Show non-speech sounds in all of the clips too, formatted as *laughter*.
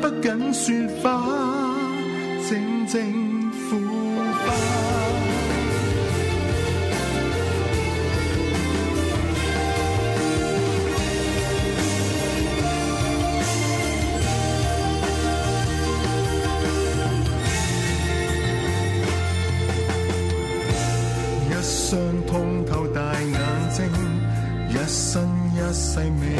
不緊說話，靜靜腐化。 *noise* 一雙通透大眼睛，一生一世美。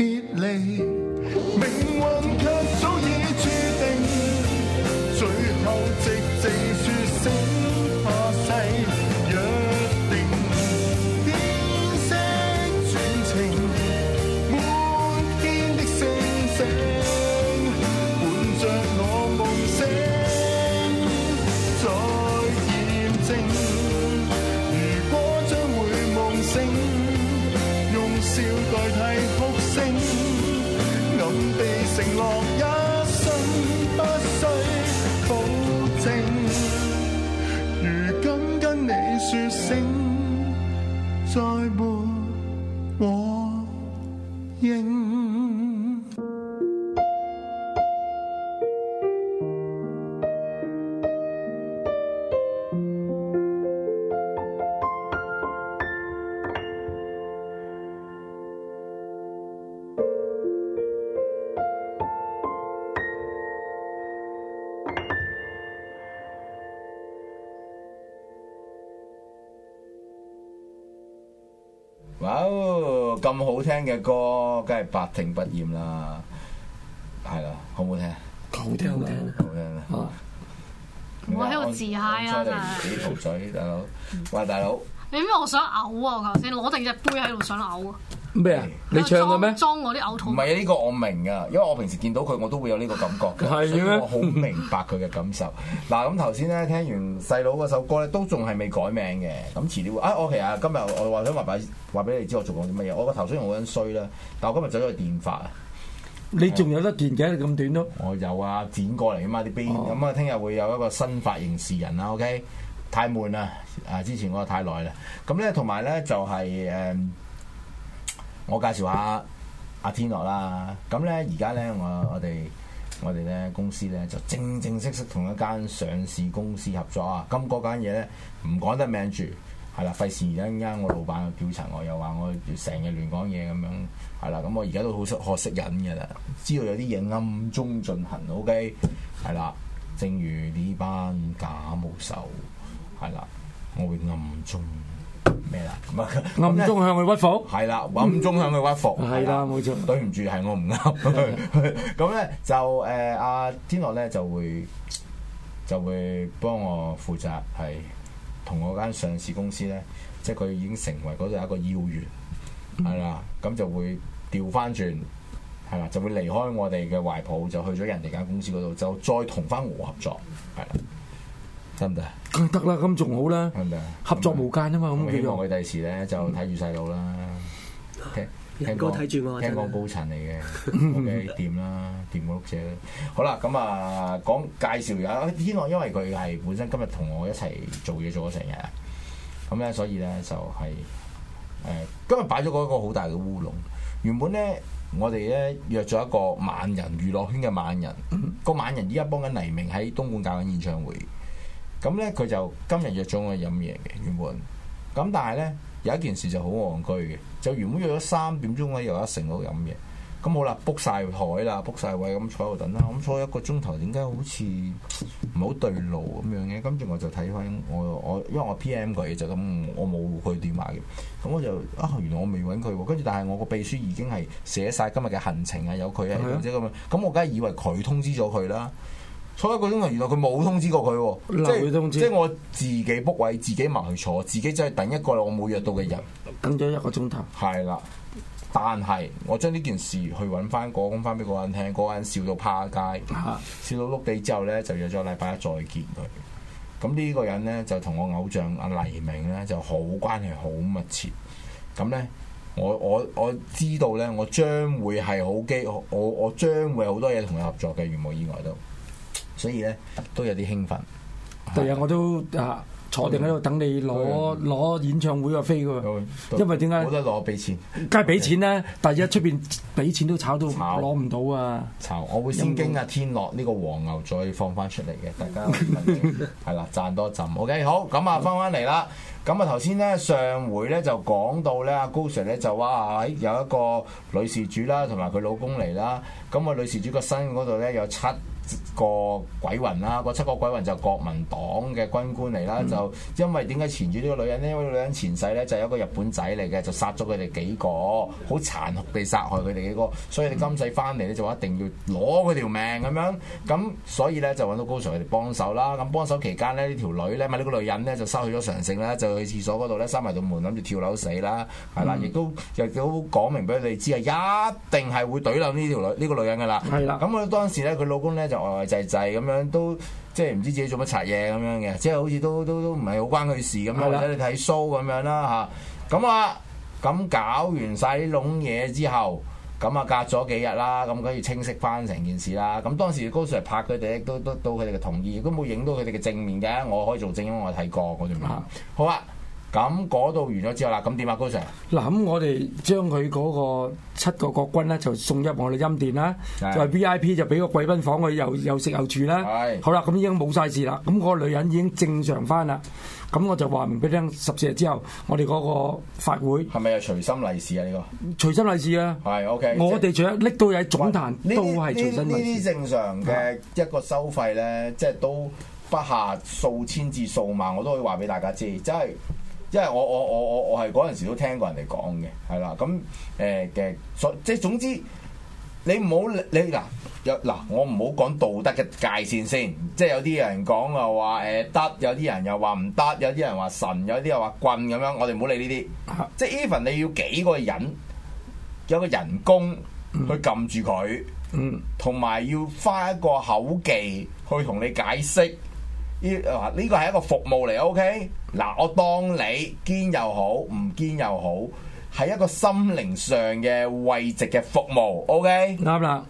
別離，命運却早已注定，最後寂靜説聲。咁好聽嘅歌，梗係百聽不厭啦，係啦，好唔好聽？好聽、啊、好，好聽、啊，好聽啦！我喺度自嗨啊！幾條 *laughs* *laughs* 水？大佬，喂，大佬，你咩？我想嘔啊！我頭先攞定隻杯喺度想嘔啊！咩啊？你唱嘅咩？裝我啲嘔吐？唔係，呢個我明噶，因為我平時見到佢，我都會有呢個感覺嘅， *laughs* 所以我好明白佢嘅感受。嗱，咁頭先咧，聽完細佬嗰首歌咧，都仲係未改名嘅。咁遲啲啊！OK，我其實今日我話想話俾話俾你知，我做過啲乜嘢？我個頭先我已經衰啦，但我今日走咗去電髮啊！你仲有得電嘅？咁短囉？我有啊，剪過嚟啊嘛，啲邊。咁啊，聽日會有一個新髮型示人啊 OK，太悶啦啊！之前我太耐啦。咁咧、就是，同埋咧就係誒。我介紹下阿天樂啦，咁咧而家咧我我哋我哋咧公司咧就正正式式同一間上市公司合作啊，咁嗰間嘢咧唔講得名住，係啦，費事一陣間我老闆又叫查我又我話我成日亂講嘢咁樣，係啦，咁我而家都好識學識忍嘅啦，知道有啲嘢暗中進行，OK，係啦，正如呢班假無手，係啦，我會暗中。咩啦？咁啊，暗中向佢屈服？係 *noise* 啦，暗中向佢屈服。係 *noise* 啦，冇錯做。對唔住，係我唔啱。咁咧 *laughs* 就誒，阿、呃、天樂咧就會就會幫我負責，係同我間上市公司咧，即係佢已經成為嗰度一個要員，係啦。咁就會調翻轉，係啦，就會離開我哋嘅懷抱，就去咗人哋間公司嗰度，就再同翻我合作，係啦。得唔得？得啦，咁仲好啦。得唔得？合作無間啊嘛！咁希望佢第時咧就睇住細佬啦。聽聽講睇住我，聽講高層嚟嘅掂啦，掂屋姐。好啦，咁、嗯、啊講介紹啊，天諾因為佢係本身今日同我一齊做嘢做咗成日，咁、嗯、咧所以咧就係、是、誒、嗯、今日擺咗嗰個好大嘅烏龍。原本咧我哋咧約咗一個猛人娛樂圈嘅猛人，嗰個猛人依家幫緊黎明喺東莞搞緊演唱會。咁咧佢就今日約咗我飲嘢嘅，原本。咁但係咧有一件事就好戇居嘅，就原本約咗三點鐘咧又一成度飲嘢。咁、嗯、好啦，book 晒台啦，book 晒位，咁、嗯、坐喺度等啦。咁、嗯、坐一個鐘頭，點解好似唔好對路咁樣嘅？跟、嗯、住我就睇翻我我，因為我 PM 佢就咁，我冇佢電話嘅。咁、嗯、我就啊，原來我未揾佢喎。跟、嗯、住但係我個秘書已經係寫晒今日嘅行程啊，有佢啊，或者咁樣。咁我梗係以為佢通知咗佢啦。坐一個鐘頭，原來佢冇通知過佢，即係即係我自己 book 位，自己埋去坐，自己真係等一個我冇約到嘅人，等咗一個鐘頭。係啦，但係我將呢件事去揾翻講、翻俾嗰人聽，嗰、那個、人，笑到趴街，啊、笑到碌地之後呢，就約咗禮拜一再見佢。咁呢個人呢，就同我偶像阿黎明呢就好關係好密切。咁呢，我我我知道呢，我將會係好機，我我我將會好多嘢，同佢合作嘅，如無意外都。所以咧都有啲興奮。第日我都啊坐定喺度等你攞攞對演唱會嘅飛喎，對因為點解冇得攞俾錢？梗係俾錢啦！對但係一出面俾錢都炒到炒攞唔到啊！炒，我會先經啊天諾呢個黃牛再放翻出嚟嘅，嗯、大家係啦 *laughs* 賺多一陣。OK，好咁啊，翻翻嚟啦。咁啊，頭先咧上回咧就講到咧阿高 Sir 咧就話喺、哎、有一個女事主啦，同埋佢老公嚟啦。咁個女事主個身嗰度咧有七個鬼魂啦，個七個鬼魂就國民黨嘅軍官嚟啦，嗯、就因為點解纏住呢個女人呢？因為個女人前世呢，就係一個日本仔嚟嘅，就殺咗佢哋幾個，好殘酷地殺害佢哋幾個，所以你今世翻嚟呢就一定要攞佢條命咁樣，咁所以呢，就揾到高 Sir 嚟幫手啦。咁幫手期間呢，呢、這、條、個、女呢，唔呢、這個女人呢，就失去咗常性啦，就去廁所嗰度呢，閂埋道門，諗住跳樓死啦，係啦，亦、嗯、都亦都講明俾佢哋知啊，一定係會懟斬呢條女呢、這個女人噶啦，係啦的。咁佢、嗯、當時呢，佢老公呢，就。呆呆滯滯咁樣，都即係唔知自己做乜柒嘢咁樣嘅，即係好似都都都唔係好關佢事咁樣。睇你睇 show 咁樣啦嚇。咁啊，咁 *music* 搞完晒呢窿嘢之後，咁啊隔咗幾日啦，咁跟住清晰翻成件事啦。咁、啊、當時高 Sir 拍佢哋，都都都佢哋嘅同意，都冇影到佢哋嘅正面嘅，我可以做證，因為我睇過嗰啲嘛。好啊。咁嗰度完咗之後啦，咁點啊，高 Sir？嗱咁我哋將佢嗰個七個國軍咧，就送入我哋陰殿啦，的就係 V I P 就俾個貴賓房佢又又食又住啦。係的，好啦，咁已經冇晒事啦。咁嗰個女人已經正常翻啦。咁我就話明俾你聽，十四日之後我哋嗰個法會係咪有隨心利是啊？呢、呢個隨心利是啊。係、啊、OK 我們 即。我哋除咗拎到嘢喺總壇喂都係隨心利是。正常嘅一個收費咧，的即係都不下數千至數萬，我都會話俾大家知，即係。因為我我我我我係嗰陣時都聽過人哋講嘅，係、呃、啦，咁誒嘅，總即係總之，你唔好你嗱，嗱我唔好講道德嘅界線先，即係有啲人講又話誒得，有啲人又話唔得，有啲人話神，有啲又話棍咁樣，我哋唔好理呢啲，嗯、即係 even 你要幾個人有個人工去撳住佢，嗯，同埋要花一個口技去同你解釋。呢話呢個係一個服務嚟，OK？嗱，我當你堅又好，唔堅又好，係一個心靈上嘅慰藉嘅服務，OK？啱啦，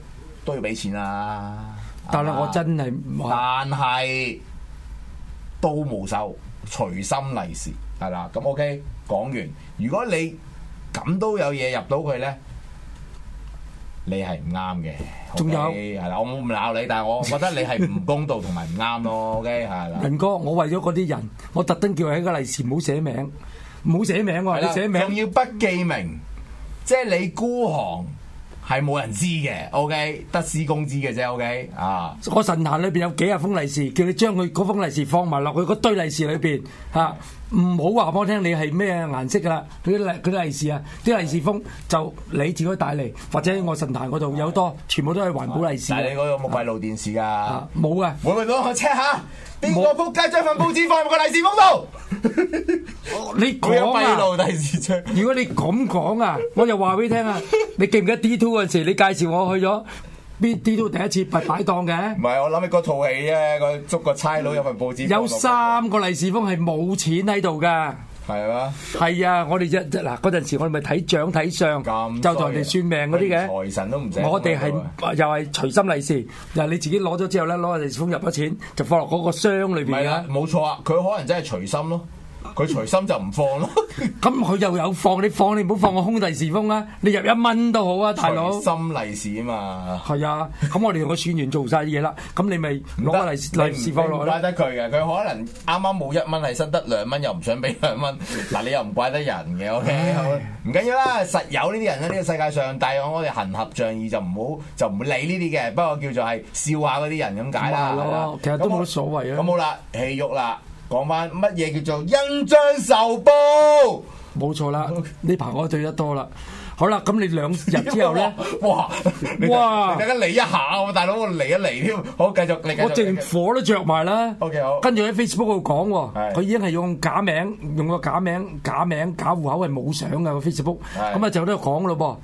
都要俾錢啦。但係我真係唔係。但係都無收，隨心利是係啦。咁 OK，講完。如果你咁都有嘢入到佢呢。你係唔啱嘅，仲有係啦，我冇咁鬧你，但係我覺得你係唔公道同埋唔啱咯，OK 係啦。仁哥，我為咗嗰啲人，我特登叫佢喺個利是唔好寫名，唔好寫名喎，你寫名仲要不記名，即係你孤寒係冇人知嘅，OK，得師公知嘅啫，OK 啊。我神壇裏邊有幾廿封利是，叫你將佢嗰封利是放埋落去嗰堆利是裏邊嚇。唔好話俾我聽你係咩顏色噶啦，佢啲利佢啲利是啊，啲利是封就你自己帶嚟，或者我神壇嗰度有多，全部都係環保利是。係你嗰個閉路電視噶？冇啊！啊啊會會我咪攞我 check 下，邊個撲街將份報紙放入個利是封度？ *laughs* 你講啊！閉路電視將，如果你咁講啊， *laughs* 我就話俾你聽啊， *laughs* 你記唔記得 D two 嗰陣時你介紹我去咗？邊啲都第一次擺擺檔嘅，唔係 *laughs* 我諗起嗰套戲啫，個捉個差佬有份報紙，嗯、有三個利是封係冇錢喺度嘅，係咩嗎？係啊，我哋即嗱嗰陣時我，我哋咪睇掌睇相，就同人哋算命嗰啲嘅，財神都唔使我哋係又係隨心利是，嗱你自己攞咗之後咧，攞個利是封入咗錢，就放落嗰個箱裏邊。係 *laughs* 啊，冇錯啊，佢可能真係隨心咯。佢隨 *laughs* 心就唔放咯，咁佢又有放你放你唔好放我空利是封啦，你入一蚊都好啊，大佬。心利是嘛。係啊，咁我哋同佢算完做晒啲嘢啦，咁你咪攞嚟利是封攞啦。唔怪得佢嘅，佢可能啱啱冇一蚊係，新得兩蚊又唔想俾兩蚊，嗱你又唔怪得人嘅，OK，唔緊要啦，實有呢啲人喺呢個世界上，但係我哋行俠仗義就唔好就唔理呢啲嘅，不過叫做係笑下嗰啲人咁解啦。的其實都冇乜所謂啊。咁好啦，戲肉啦。講翻乜嘢叫做恩將仇報？冇錯啦，呢排我對得多啦。好啦，咁你兩日之後咧，哇哇，大家嚟一下，大佬我嚟一嚟添。好，繼續，我正火都着埋啦。OK，好，跟住喺 Facebook 度講喎，佢已經係用假名，用個假名、假名、假戶口係冇相噶個 Facebook。咁啊，就喺度講咯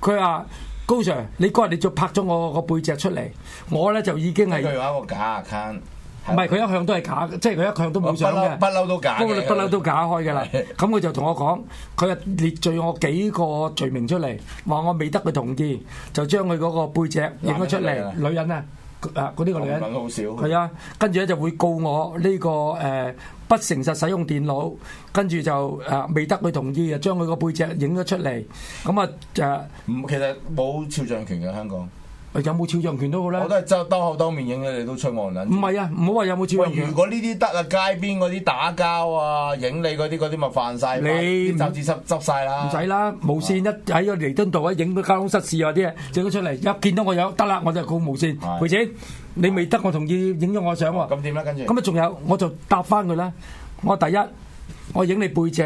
噃。佢話高 Sir，你今日你再拍咗我個背脊出嚟，我咧就已經係佢用一個假 account，唔係，佢一向都係假嘅，即係佢一向都冇想嘅，不嬲都假，不嬲都假開嘅啦。咁佢就同我講，佢列罪我幾個罪名出嚟，話我未得佢同意，就將佢嗰個背脊影咗出嚟，女人啊，嗰啲個女人，女人好少。係啊，跟住咧就會告我呢個誒不誠實使用電腦，跟住就誒未得佢同意就將佢個背脊影咗出嚟，咁啊就唔其實冇肖像權嘅香港。有冇肖像權都好啦，我都係執兜口兜面影你，你都出我啦，唔係啊，唔好話有冇肖像權。如果呢啲得啊，街邊嗰啲打交啊，影你嗰啲啲咪犯晒你不？銀紙執執曬啦。唔使啦，無線是的 一喺個彌敦道影到交通失事啊啲啊，整咗出嚟一見到我有得啦，我就告無線賠錢是的 你未得我同意影咗我相喎。咁點咧？跟住咁啊，仲有我就答翻佢啦。我第一，我影你背脊。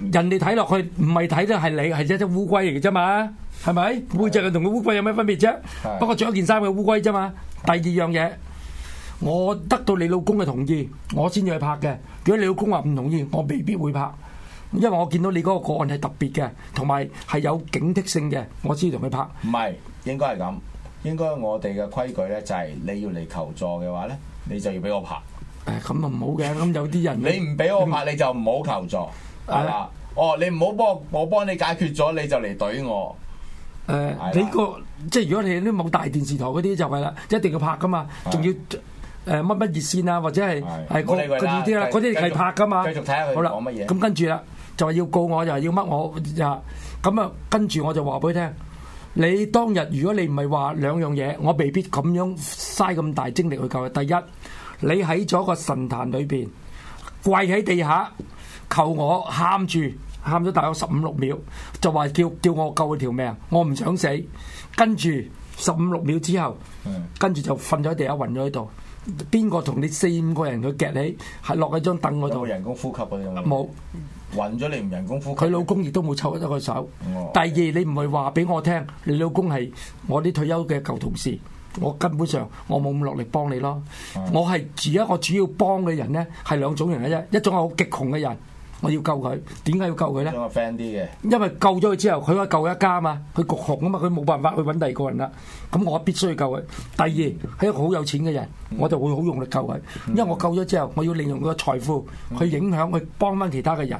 人哋睇落去唔係睇咧，係你係一隻烏龜嚟嘅啫嘛，係咪？會淨係同個烏龜有咩分別啫？不，有是的 不過着一件衫嘅烏龜啫嘛。是的 第二樣嘢，我得到你老公嘅同意，我先至去拍嘅。如果你老公話唔同意，我未必會拍，因為我見到你嗰個個案係特別嘅，同埋係有警惕性嘅，我先至同佢拍。唔係，應該係咁。應該我哋嘅規矩咧就係你要嚟求助嘅話咧，你就要俾我拍。誒，咁啊唔好嘅，咁有啲人你唔俾我拍，你就唔好求助。係啦，哦，你唔好幫我，我幫你解決咗，你就嚟懟我。誒、呃，嗎你、這個即係如果你啲冇大電視台嗰啲就係啦，一定要拍㗎嘛，仲的要誒乜乜熱線啊，或者係係嗰嗰啲啦，嗰啲係拍㗎嘛。繼續睇下佢好啦。講乜嘢？咁跟住啦，就係、是、要告我，就係、是、要乜我，就咁啊。跟住我就話俾佢聽，你當日如果你唔係話兩樣嘢，我未必咁樣嘥咁大精力去救佢。第一，你喺咗個神壇裏邊。裡跪喺地下求我喊住喊咗大概十五六秒，就話叫叫我救佢條命，我唔想死。跟住十五六秒之後，跟住就瞓咗喺地下，暈咗喺度。邊個同你四五個人去夾你？係落喺張凳嗰度。有冇人工呼吸嗰冇暈咗你唔人工呼吸、啊。佢老公亦都冇湊得佢手。嗯哦、第二，你唔係話俾我聽，你老公係我啲退休嘅舊同事。我根本上我冇咁落力幫你咯，我係而家我主要幫嘅人咧係兩種人嘅啫，一種係好極窮嘅人，我要救佢，點解要救佢咧？因為 friend 啲嘅，因為救咗佢之後，佢可以救一家啊嘛，佢極窮啊嘛，佢冇辦法去揾第二個人啦，咁我必須要救佢。第二係一個好有錢嘅人，我就會好用力救佢，因為我救咗之後，我要利用佢嘅財富去影響、嗯、去幫翻其他嘅人。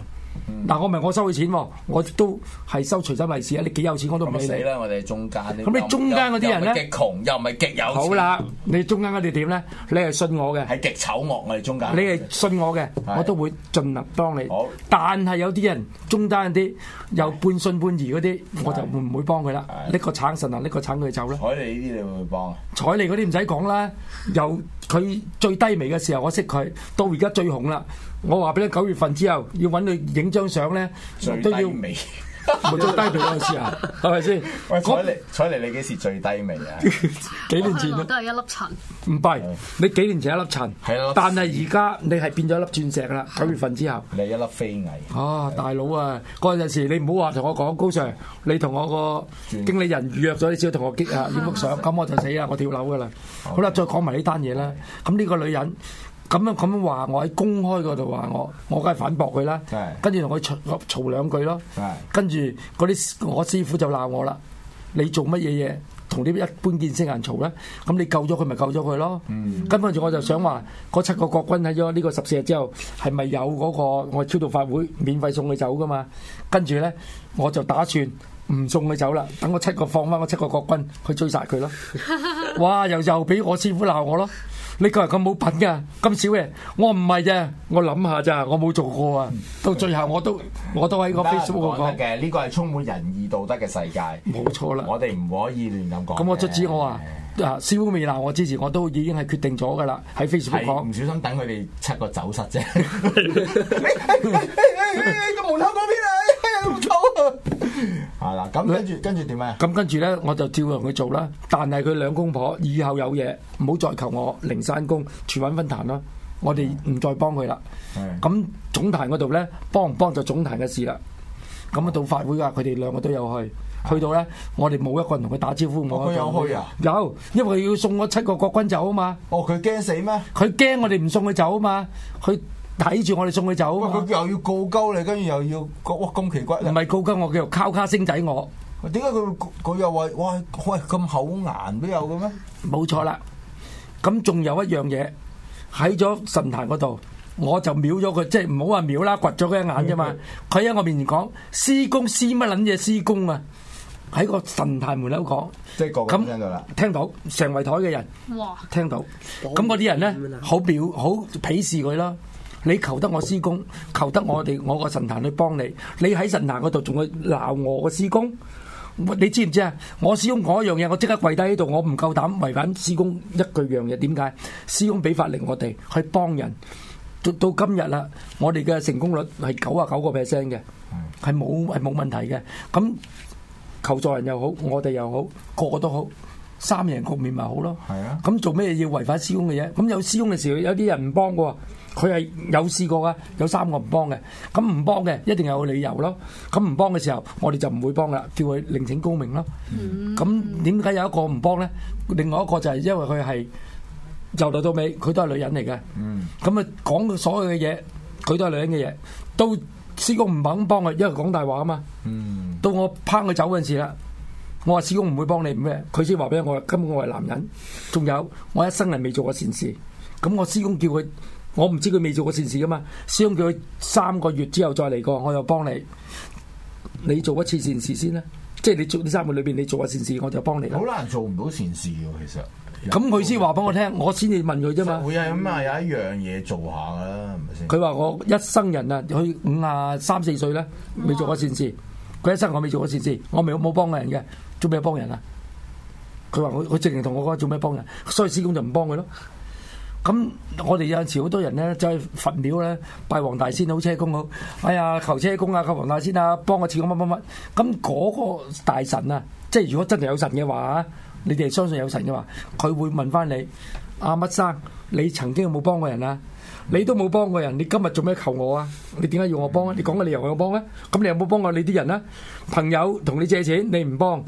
但、嗯、我唔係我收佢錢，哦，我都係收除咗利是啊！你幾有，有錢，我都唔理你。死啦！我哋中間咁，你中間嗰啲人咧，又唔係極窮，又唔係極有錢。好啦，你中間嗰啲點咧？你係信我嘅，係極醜惡我哋中間。你係信我嘅，是我都會盡量幫你。好但係有啲人中間啲又半信半疑嗰啲，是我就唔會幫佢啦。拎是個橙神啊，拎個橙佢走啦。彩利呢啲你會唔會幫啊？彩利嗰啲唔使講啦，由佢最低微嘅時候我識佢，到而家最紅啦。我話俾你，九月份之後要揾你影張相咧，最低微，咪最低調嗰陣時啊，係咪先？采妮采妮，你幾時最低微啊？幾年前都係一粒塵。唔係，你幾年前一粒塵，但係而家你係變咗一粒鑽石啦。九月份之後，你一粒飛蟻。哦，大佬啊，嗰陣時你唔好話同我講，高 Sir，你同我個經理人預約咗，你只要同我激啊，影幅相，咁我就死啦，我跳樓噶啦。好啦，再講埋呢單嘢啦。咁呢個女人。咁樣咁樣話，我喺公開嗰度話我，我梗係反駁佢啦，跟住同佢嘈嘈兩句咯，跟住嗰啲我師傅就鬧我啦，你做乜嘢嘢？同啲一般見識人嘈咧，咁你救咗佢咪救咗佢咯，跟住、嗯、我就想話，嗰七個國軍喺咗呢個十四日之後，係咪有嗰個我超度法會免費送佢走噶嘛？跟住咧，我就打算唔送佢走啦，等我七個放翻我七個國軍去追殺佢咯，哇！又又俾我師傅鬧我咯～呢個人咁冇品噶，咁少嘅。我唔係啫，我諗下咋，我冇做過啊。到最後我都我都喺個 Facebook 講嘅，呢個係充滿仁義道德嘅世界，冇錯啦。我哋唔可以亂咁講。咁我出止我話啊 Facebook 未鬧我之前，我都已經係決定咗嘅啦，喺 Facebook 講唔小心等佢哋七個走失啫。個、hey, hey, hey, hey, hey, hey, 門口嗰邊啊，唔好啊！fulfillment 係啦，咁跟住跟住點啊？咁跟住咧，我就照樣佢做啦。但係佢兩公婆以後有嘢，唔好再求我靈山宮處搵分壇啦。我哋唔再幫佢啦。咁的、嗯、總壇嗰度咧，幫唔幫就總壇嘅事啦。咁啊到法會啊，佢哋兩個都有去。去到咧，我哋冇一個人同佢打招呼。冇都有去啊，有，因為佢要送我七個國軍走啊嘛。哦，佢驚死咩？佢驚我哋唔送佢走啊嘛。佢。睇住我哋送佢走，佢又要告鳩你，跟住又要，哇咁奇怪！唔係告鳩我，叫佢敲卡星仔我。點解？佢佢又話哇喂，咁厚顏，都有嘅咩？冇錯啦。咁仲有一樣嘢喺咗神壇嗰度，我就瞄咗佢，即係唔好話瞄啦，掘咗佢一眼啫嘛。佢喺我面前講師公，師乜撚嘢師公啊？喺個神壇門口講，即係個個都聽到啦，聽到成圍台嘅人，聽到。咁嗰啲人咧，好表好鄙視佢囉。你求得我師公，求得我哋我個神壇去幫你，你喺神壇嗰度仲去鬧我個師公，你知唔知啊？我師公嗰樣嘢，我即刻跪低喺度，我唔夠膽違反師公一句樣嘢。點解？師公俾法令我哋去幫人，到到今日啦，我哋嘅成功率係九啊九個 percent 嘅，係冇係冇問題嘅。咁求助人又好，我哋又好，個個都好，三贏局面咪好咯？係啊。咁做咩要違反師公嘅嘢？咁有師公嘅時候，有啲人唔幫嘅。佢係有試過嘅，有三個唔幫嘅，咁唔幫嘅一定有個理由咯。咁唔幫嘅時候，我哋就唔會幫啦，叫佢另請高明咯。咁點解有一個唔幫咧？另外一個就係因為佢係由頭到尾佢都係女人嚟嘅。咁啊 *music* 講所有嘅嘢，佢都係女人嘅嘢。都，師公唔肯幫佢，因為講大話啊嘛。到我拋佢走嗰陣時啦，我話師公唔會幫你咩，佢先話俾我，根本我係男人。仲有我一生人未做過善事，咁我師公叫佢。我唔知佢未做過善事噶嘛？司公叫佢三個月之後再嚟過，我又幫你。你做一次善事先啦，即係你做呢三個月裏邊，你做一善事，我就幫你。好難做唔到善事噶，其實。咁佢先話俾我聽，有有我先至問佢啫嘛。會啊，咁啊、嗯、有一樣嘢做下噶啦，係咪先？佢話我一生人啊，去五啊三四歲咧，未做過善事。佢一生我未做過善事，我咪冇幫過人嘅，做咩幫人啊？佢話佢我直情同我講做咩幫人，所以司公就唔幫佢咯。咁、嗯、我哋有陣時好多人咧就去、是、佛廟咧拜黃大仙好、好車公好，哎呀求車公啊、求黃大仙啊，幫我似公乜乜乜。咁嗰、嗯那個大神啊，即係如果真係有神嘅話，你哋相信有神嘅話，佢會問翻你：阿、啊、乜生，你曾經有冇幫過人啊？你都冇幫過人，你今日做咩求我啊？你點解要我幫？你講嘅理由我幫咧，咁你有冇幫過你啲人啊？朋友同你借錢，你唔幫。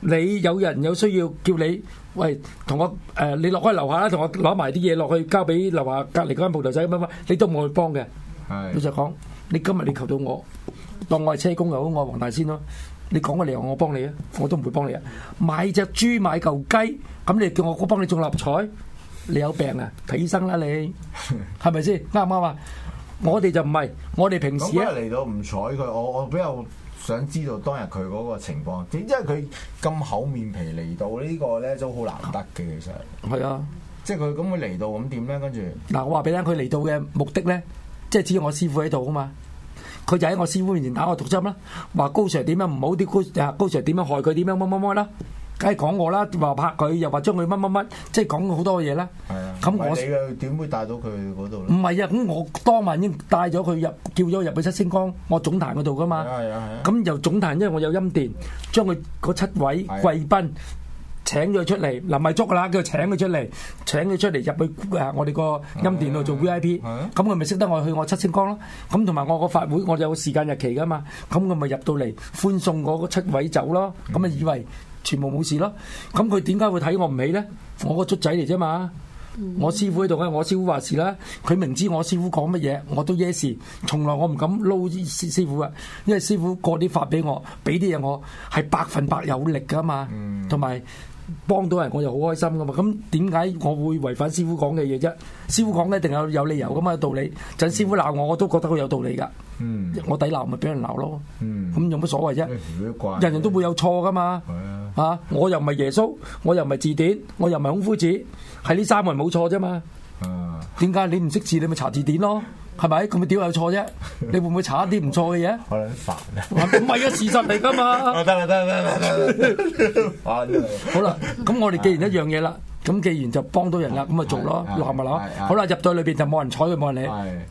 你有人有需要叫你喂，同我誒，你落去樓下啦，同我攞埋啲嘢落去交俾樓下隔離嗰間鋪頭仔乜乜，你都唔會去幫嘅。老實講，你今日你求到我，當我係車公又好，我係黃大仙咯。你講個理由，我我幫你啊，我都唔會幫你啊。買隻豬買嚿雞，咁你叫我幫你中六合彩，你有病啊！睇醫生啦，你係咪先啱唔啱啊？我哋就唔係，我哋平時一嚟到唔睬佢，我我比較。想知道當日佢嗰個情況，點知佢咁厚面皮嚟到呢個咧都好難得嘅其實。係啊，即係佢咁樣嚟到咁點咧？跟住嗱，我話俾你聽，佢嚟到嘅目的咧，即係只有我師傅喺度啊嘛。佢就喺我師傅面前打我毒針啦，話高 Sir 點樣唔好啲高，高 Sir 點樣害佢點樣乜乜乜啦。梗係講我啦，話拍佢又話將佢乜乜乜，即係講好多嘢啦。咁、啊、我你嘅點會帶到佢嗰度？唔係啊！咁我當晚已經帶咗佢入，叫咗入去七星光，我總壇嗰度噶嘛。咁、啊啊啊、由總壇，因為我有音電，將佢嗰七位、啊、貴賓。請咗出嚟嗱咪捉㗎啦，叫佢請佢出嚟，請佢出嚟入去啊我哋個音電度做 VIP，咁佢咪識得我去我七星光咯，咁同埋我個法會我有個時間日期㗎嘛，咁佢咪入到嚟歡送嗰七位走咯，咁咪以為全部冇事咯，咁佢點解會睇我唔起咧？我個卒仔嚟啫嘛，我師傅喺度嘅，我師傅話事啦，佢明知我師傅講乜嘢，我都 yes，從來我唔敢撈師師傅啊，因為師傅過啲法俾我，俾啲嘢我係百分百有力㗎嘛，同埋。幫到人我又好開心噶嘛，咁點解我會違反師傅講嘅嘢啫？師傅講咧，一定有有理由噶嘛，有道理。陣師傅鬧我，我都覺得佢有道理噶，嗯、我抵鬧咪俾人鬧咯。咁、嗯、有乜所謂啫？人人都會有錯噶嘛，嗯、啊！我又唔係耶穌，我又唔係字典，我又唔係孔夫子，係呢三個人冇錯啫嘛。嗯，點解你唔識字，你咪查字典咯，係咪？佢咪屌有錯啫？你會唔會查一啲唔錯嘅嘢？我諗煩啊！唔係啊，事實嚟噶嘛？得啦，得啦，得啦，得啦。好啦，咁我哋既然一樣嘢啦，咁既然就幫到人啦，咁咪做咯，係咪咯。好啦，入到裏邊就冇人睬佢，冇人理。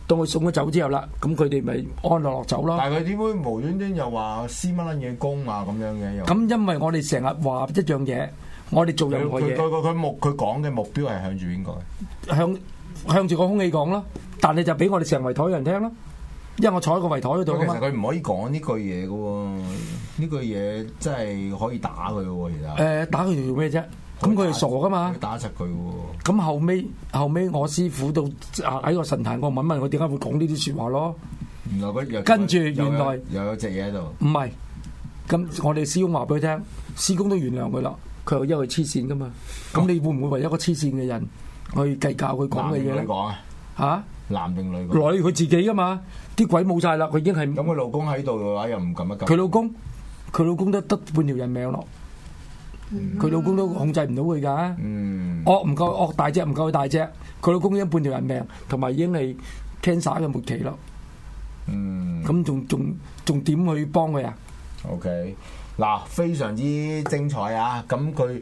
到佢送咗走之後啦，咁佢哋咪安樂落走咯。但係佢點會無端端又話私乜撚嘢工啊？咁樣嘅又咁，因為我哋成日話一樣嘢。我哋做任何嘢，佢佢佢佢目佢講嘅目標係向住邊個？向向住個空氣講咯，但係就俾我哋成圍台人聽咯，因為我坐喺個圍台嗰度。佢唔可以講呢句嘢嘅、哦，呢句嘢真係可以打佢嘅、哦。其實誒、呃，打佢做咩啫？咁佢又傻噶嘛？打柒佢。咁、哦、後屘後屘，我師傅都喺個神壇，我問一問佢點解會講呢啲說話咯？原來佢跟住，原來又有隻嘢喺度。唔係，咁我哋師公話俾佢聽，師公都原諒佢啦。佢又因為黐線噶嘛？咁你會唔會為一個黐線嘅人去計較佢講嘅嘢咧？吓，男定女講啊？女佢自己噶嘛？啲鬼冇晒啦，佢已經係咁，佢老公喺度嘅話又唔敢一急。佢老公，佢老公都得半條人命咯。佢老公都控制唔到佢噶。惡唔夠惡，大隻唔夠佢大隻，佢老公已經半條人命，同埋已經係 cancer 嘅末期咯。嗯，咁仲仲仲點去幫佢啊？OK。嗱，非常之精彩啊！咁佢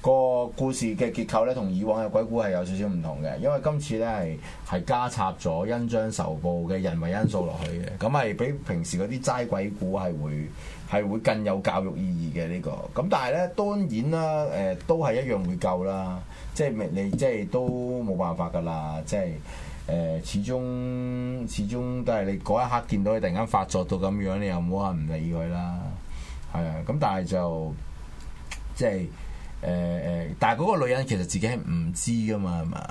個故事嘅結構咧，同以往嘅鬼故係有少少唔同嘅，因為今次咧係係加插咗恩將仇報嘅人為因素落去嘅，咁係比平時嗰啲齋鬼故係會係會更有教育意義嘅呢、呢個。咁但係咧，當然啦，誒、呃、都係一樣會救啦，即係你，你即係都冇辦法噶啦，即係誒、呃，始終始終都係你嗰一刻見到你突然間發作到咁樣，你又唔好話唔理佢啦。係啊，咁但係就即係誒誒，但係嗰、呃、個女人其實自己係唔知噶嘛，係嘛？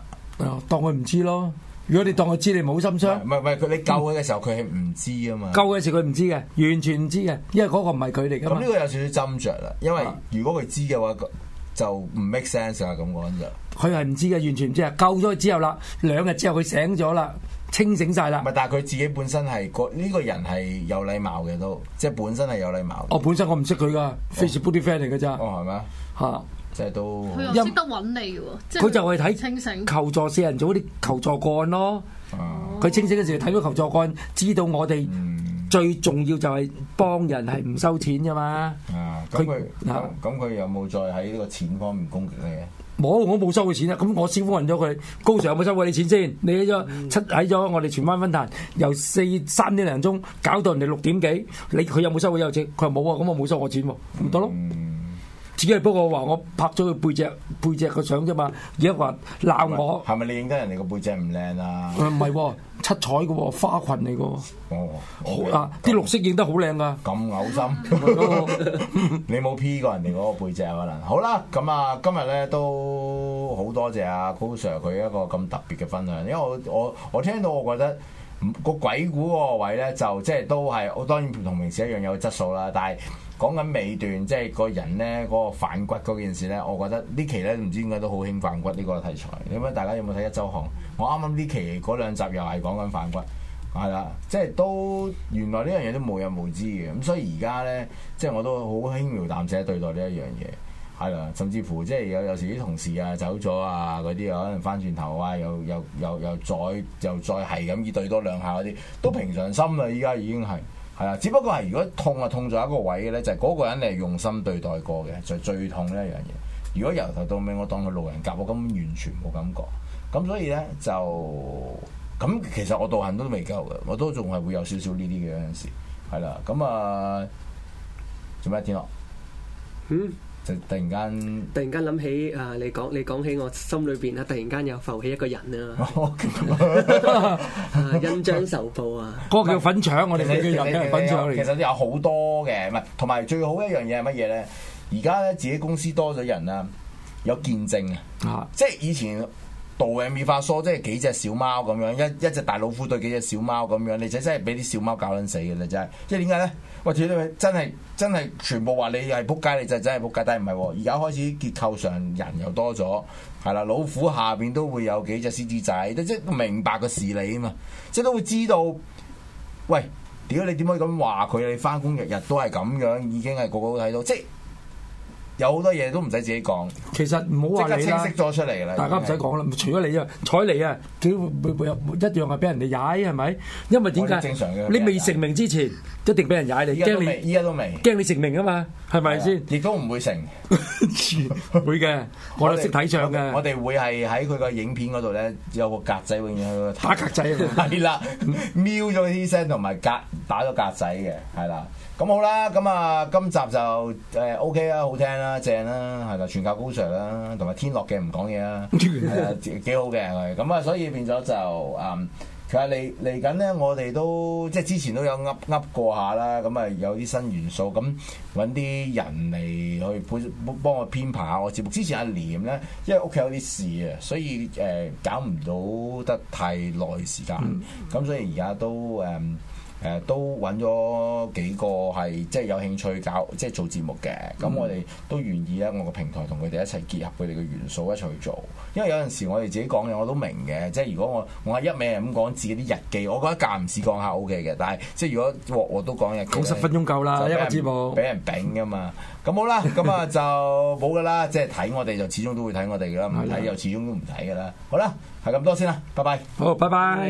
當佢唔知咯。如果你當佢知，你冇心傷。唔係唔係，佢你救佢嘅時候，佢係唔知噶嘛。救嘅時佢唔知嘅，完全唔知嘅，因為嗰個唔係佢哋噶。咁呢個有少少斟酌啦，因為如果佢知嘅話，係嘅。就唔 make sense 啊，咁講就。佢係唔知嘅，完全唔知啊！救咗之後啦，兩日之後佢醒咗啦。清醒晒啦！咪但係佢自己本身係個呢個人係有禮貌嘅，都即係本身係有禮貌。哦，本身我唔識佢噶，Facebook 啲 friend 嚟嘅咋？哦，係咪？嚇，即係都佢又識得揾你嘅喎，佢就係睇清醒求助四人組啲求助個案咯。佢清醒嘅時候睇到求助個案，知道我哋最重要就係幫人係唔收錢啫嘛。咁佢有冇再喺呢個錢方面攻擊你咧？冇，我冇收佢錢啊！咁我師傅問咗佢。高 Sir，有冇收過你錢先、啊？你咗七喺咗我哋荃灣分壇，由四三點零鐘搞到人哋六點幾，你佢有冇收過有錢？佢話冇啊！咁、啊、我冇收我錢喎、啊，唔得咯。嗯。自己不過話我，我拍咗佢背脊背脊個相啫嘛，而家話鬧我，係咪你影得人哋個背脊唔靚啊？唔係，嗯哦，七彩嘅花裙嚟嘅。哦，好，哦，啊，啲綠色影得好靚啊！咁嘔心，你冇 P 過人哋嗰個背脊可能。好啦，咁啊，今日咧都好多謝阿，啊、高 sir 佢一個咁特別嘅分享，因為我我我聽到我覺得個鬼故個位咧就即係都係我當然唔同平時一樣有質素啦，但係講緊尾段，即係個人呢嗰、嗰個反骨嗰件事呢，我覺得呢期呢唔知點解都好興反骨呢個題材。咁啊，大家有冇睇《壹週刊》？我啱啱呢期嗰兩集又係講緊反骨，係啦，即係都原來呢樣嘢都無人無知嘅。咁所以而家呢，即係我都好輕描淡寫對待呢一樣嘢，係啦。甚至乎即係有有時啲同事啊走咗啊嗰啲，又可能翻轉頭啊，又又又，又再又再係咁以對多兩下嗰啲，都平常心啦。依家已經係。係啊，只不過係如果痛啊，痛咗一個位嘅咧，就係嗰個人你係用心對待過嘅，就係最痛呢一樣嘢。如果由頭到尾我當佢路人甲，我根本完全冇感覺，咁所以咧就咁，其實我道行都未夠嘅，我都仲係會有少少呢啲嘅，有陣時。係啦，咁啊，做咩？天諾。嗯。突然間，突然間諗起啊！你講你講起我心裏邊啦，突然間又浮起一個人啊！恩將仇報啊！嗰個叫粉腸，是我哋粉腸，其實有好多嘅，唔係同埋最好一樣嘢係乜嘢咧？而家咧自己公司多咗人啊，有見證啊！即係以前。導嘅滅法梳，即係幾隻小貓咁樣一一隻大老虎對幾隻小貓咁樣，你真真係俾啲小貓搞撚死嘅啦！真係，即係點解咧？喂，屌你！真係真係全部話你係撲街，你就真係撲街，但係唔係喎！而家開始結構上人又多咗，係啦，老虎下邊都會有幾隻獅子仔，即係明白個事理啊嘛！即係都會知道，喂，屌，點解你點可以咁話佢？你翻工日日都係咁樣，已經係個個都睇到，即係。有好多嘢都唔使自己講，其實唔好話你啦，識咗出嚟啦，大家唔使講啦。除咗你啊，采妮啊，佢會會一樣係俾人哋踩，係咪？因為點解？正常嘅，你未成名之前一定俾人踩你。依家未，依家都未，驚你成名啊嘛，係咪先？亦都唔會成，會嘅。我哋識睇相嘅，我哋會係喺佢個影片嗰度咧，有個格仔永遠喺度打格仔，係啦，瞄咗啲聲同埋格打咗格仔嘅，係啦。咁好啦，咁啊，今集就誒 OK 啦、啊，好聽啦、啊，正啦、啊，係啦，全靠高 Sir 啦、啊，同埋天諾嘅唔講嘢啦，係啊，幾 *laughs* 好嘅，咁啊，所以變咗就啊，其實嚟嚟緊咧，我哋都即係之前都有噏噏過下啦，咁啊有啲新元素，咁揾啲人嚟去幫幫我編排下我節目。之前一年咧，因為屋企有啲事啊，所以誒、嗯、搞唔到得太耐時間，咁、嗯、所以而家都誒。嗯誒都揾咗幾個係即係有興趣搞即係做節目嘅。咁我哋都願意咧，我個平台同佢哋一齊結合佢哋嘅元素一齊去做。因為有陣時我哋自己講嘢我都明嘅，即係如果我我一味咁講自己啲日記，我覺得間唔時講下 O K 嘅。但係即係如果我我都講日記，九十分鐘夠啦，就一個節目俾人頂噶嘛。咁 *laughs* 好啦，咁啊就冇噶啦，即係睇我哋就始終都會睇我哋噶啦，唔睇又始終都唔睇噶啦。好啦，係咁多先啦，拜拜。好，拜拜。